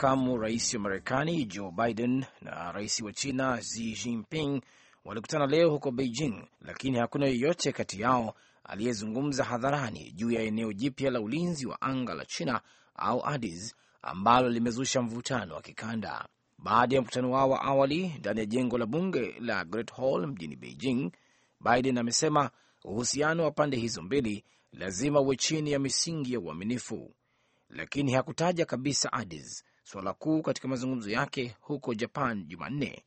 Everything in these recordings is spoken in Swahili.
makamu rais wa Marekani Joe Biden na rais wa China Xi Jinping walikutana leo huko Beijing, lakini hakuna yeyote kati yao aliyezungumza hadharani juu ya eneo jipya la ulinzi wa anga la China au ADIS ambalo limezusha mvutano wa kikanda. Baada ya mkutano wao wa awali ndani ya jengo la bunge la Great Hall mjini Beijing, Biden amesema uhusiano wa pande hizo mbili lazima uwe chini ya misingi ya uaminifu, lakini hakutaja kabisa ADIS Suala kuu katika mazungumzo yake huko Japan Jumanne,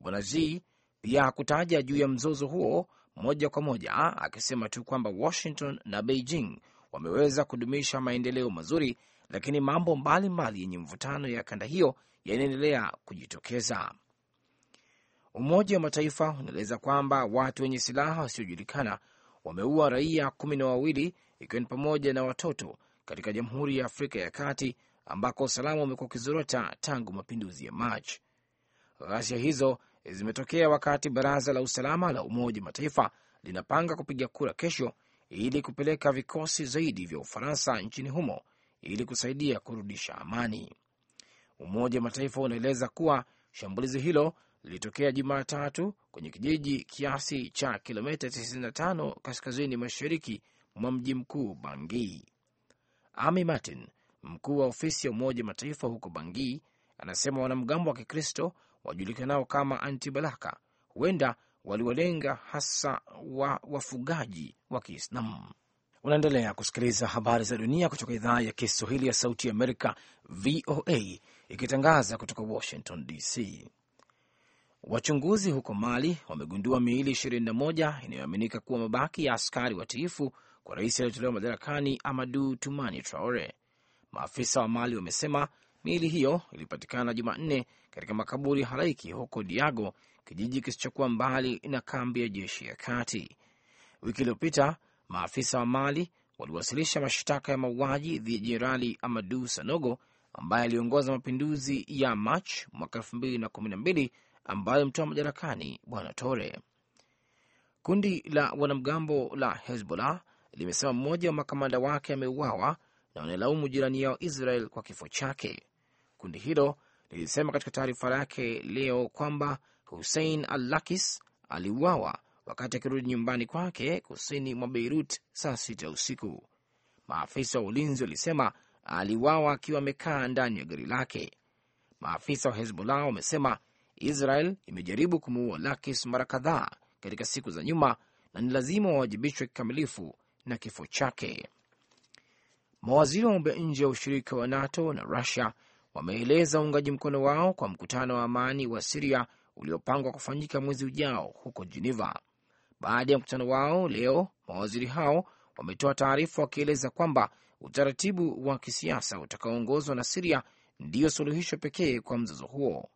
Bwana Xi pia hakutaja juu ya mzozo huo moja kwa moja, akisema tu kwamba Washington na Beijing wameweza kudumisha maendeleo mazuri, lakini mambo mbalimbali yenye mvutano ya kanda hiyo yanaendelea kujitokeza. Umoja wa Mataifa unaeleza kwamba watu wenye silaha wasiojulikana wameua raia kumi na wawili ikiwa ni pamoja na watoto katika Jamhuri ya Afrika ya Kati ambako usalama umekuwa ukizorota tangu mapinduzi ya Machi. Ghasia hizo zimetokea wakati baraza la usalama la Umoja Mataifa linapanga kupiga kura kesho ili kupeleka vikosi zaidi vya Ufaransa nchini humo ili kusaidia kurudisha amani. Umoja wa Mataifa unaeleza kuwa shambulizi hilo lilitokea Jumatatu kwenye kijiji kiasi cha kilomita 95 kaskazini mashariki mwa mji mkuu Bangui. Ami Martin Mkuu wa ofisi ya Umoja Mataifa huko bangi anasema wanamgambo wa Kikristo wajulikanao kama Antibalaka huenda waliwalenga hasa wa wafugaji wa Kiislamu. Unaendelea kusikiliza habari za dunia kutoka idhaa ya Kiswahili ya Sauti ya Amerika, VOA, ikitangaza kutoka Washington DC. Wachunguzi huko Mali wamegundua miili 21 inayoaminika kuwa mabaki ya askari watiifu kwa rais aliyotolewa madarakani Amadu Tumani Traore. Maafisa wa Mali wamesema miili hiyo ilipatikana Jumanne katika makaburi halaiki huko Diago, kijiji kisichokuwa mbali na kambi ya jeshi ya kati. Wiki iliyopita maafisa wa Mali waliwasilisha mashtaka ya mauaji dhidi ya Jenerali Amadu Sanogo ambaye aliongoza mapinduzi ya Machi mwaka elfu mbili na kumi na mbili ambayo mtoa madarakani bwana Tore. Kundi la wanamgambo la Hezbollah limesema mmoja wa makamanda wake ameuawa na wanailaumu jirani yao Israel kwa kifo chake. Kundi hilo lilisema katika taarifa yake leo kwamba Hussein al-Lakis aliuawa wakati akirudi nyumbani kwake kusini mwa Beirut saa sita usiku. Maafisa wa ulinzi walisema aliuawa akiwa amekaa ndani ya gari lake. Maafisa wa Hezbollah wamesema Israel imejaribu kumuua Lakis mara kadhaa katika siku za nyuma na ni lazima wawajibishwe kikamilifu na kifo chake. Mawaziri wa mambo ya nje ya ushirika wa NATO na Rusia wameeleza uungaji mkono wao kwa mkutano wa amani wa Siria uliopangwa kufanyika mwezi ujao huko Geneva. Baada ya mkutano wao leo, mawaziri hao wametoa taarifa wakieleza kwamba utaratibu wa kisiasa utakaoongozwa na Siria ndiyo suluhisho pekee kwa mzozo huo.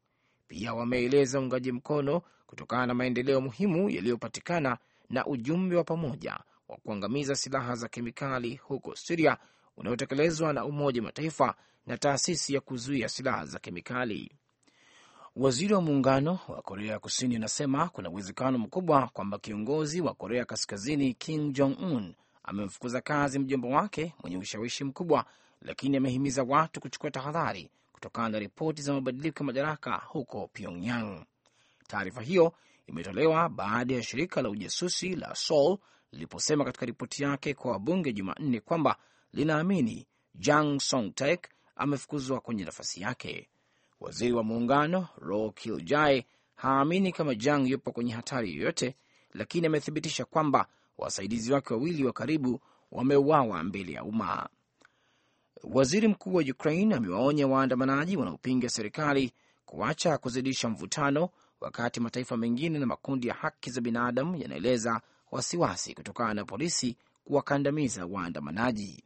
Pia wameeleza uungaji mkono kutokana na maendeleo muhimu yaliyopatikana na ujumbe wa pamoja wa kuangamiza silaha za kemikali huko Siria unaotekelezwa na Umoja wa Mataifa na taasisi ya kuzuia silaha za kemikali. Waziri wa muungano wa Korea ya Kusini anasema kuna uwezekano mkubwa kwamba kiongozi wa Korea Kaskazini Kim Jong Un amemfukuza kazi mjomba wake mwenye ushawishi mkubwa, lakini amehimiza watu kuchukua tahadhari kutokana na ripoti za mabadiliko ya madaraka huko Pyongyang. Taarifa hiyo imetolewa baada ya shirika la ujasusi la Seoul liliposema katika ripoti yake kwa wabunge Jumanne kwamba linaamini Jang Song Taek amefukuzwa kwenye nafasi yake. Waziri wa muungano Ro Kiljai haamini kama Jang yupo kwenye hatari yoyote, lakini amethibitisha kwamba wasaidizi wake wawili wa karibu wameuawa mbele ya umma. Waziri mkuu wa Ukraine amewaonya waandamanaji wanaopinga serikali kuacha kuzidisha mvutano, wakati mataifa mengine na makundi ya haki za binadamu yanaeleza wasiwasi kutokana na polisi kuwakandamiza waandamanaji.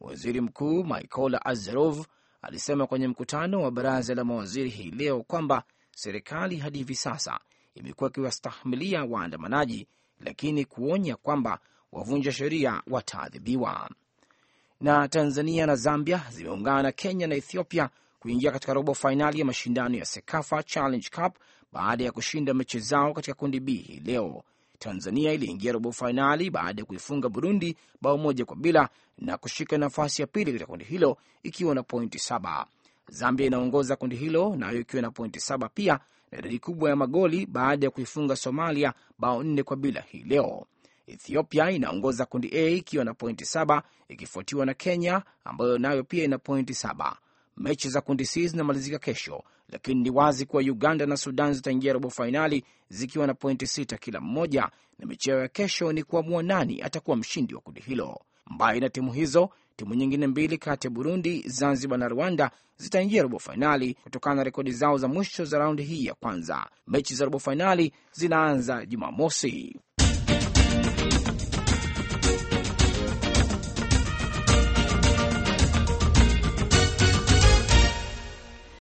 Waziri Mkuu Mykola Azarov alisema kwenye mkutano wa baraza la mawaziri hii leo kwamba serikali hadi hivi sasa imekuwa ikiwastahimilia waandamanaji, lakini kuonya kwamba wavunja sheria wataadhibiwa. Na Tanzania na Zambia zimeungana na Kenya na Ethiopia kuingia katika robo fainali ya mashindano ya Sekafa Challenge Cup baada ya kushinda mechi zao katika kundi B hii leo. Tanzania iliingia robo fainali baada ya kuifunga Burundi bao moja kwa bila na kushika nafasi ya pili katika kundi hilo ikiwa na pointi saba. Zambia inaongoza kundi hilo nayo ikiwa na pointi saba pia na idadi kubwa ya magoli baada ya kuifunga Somalia bao nne kwa bila hii leo. Ethiopia inaongoza kundi A ikiwa na pointi saba ikifuatiwa na Kenya ambayo nayo pia ina pointi saba. Mechi za kundi C zinamalizika kesho lakini ni wazi kuwa Uganda na Sudan zitaingia robo fainali zikiwa na pointi sita kila mmoja, na michezo ya kesho ni kuamua nani atakuwa mshindi wa kundi hilo. Mbali na timu hizo, timu nyingine mbili kati ya Burundi, Zanzibar na Rwanda zitaingia robo fainali kutokana na rekodi zao za mwisho za raundi hii ya kwanza. Mechi za robo fainali zinaanza Jumamosi.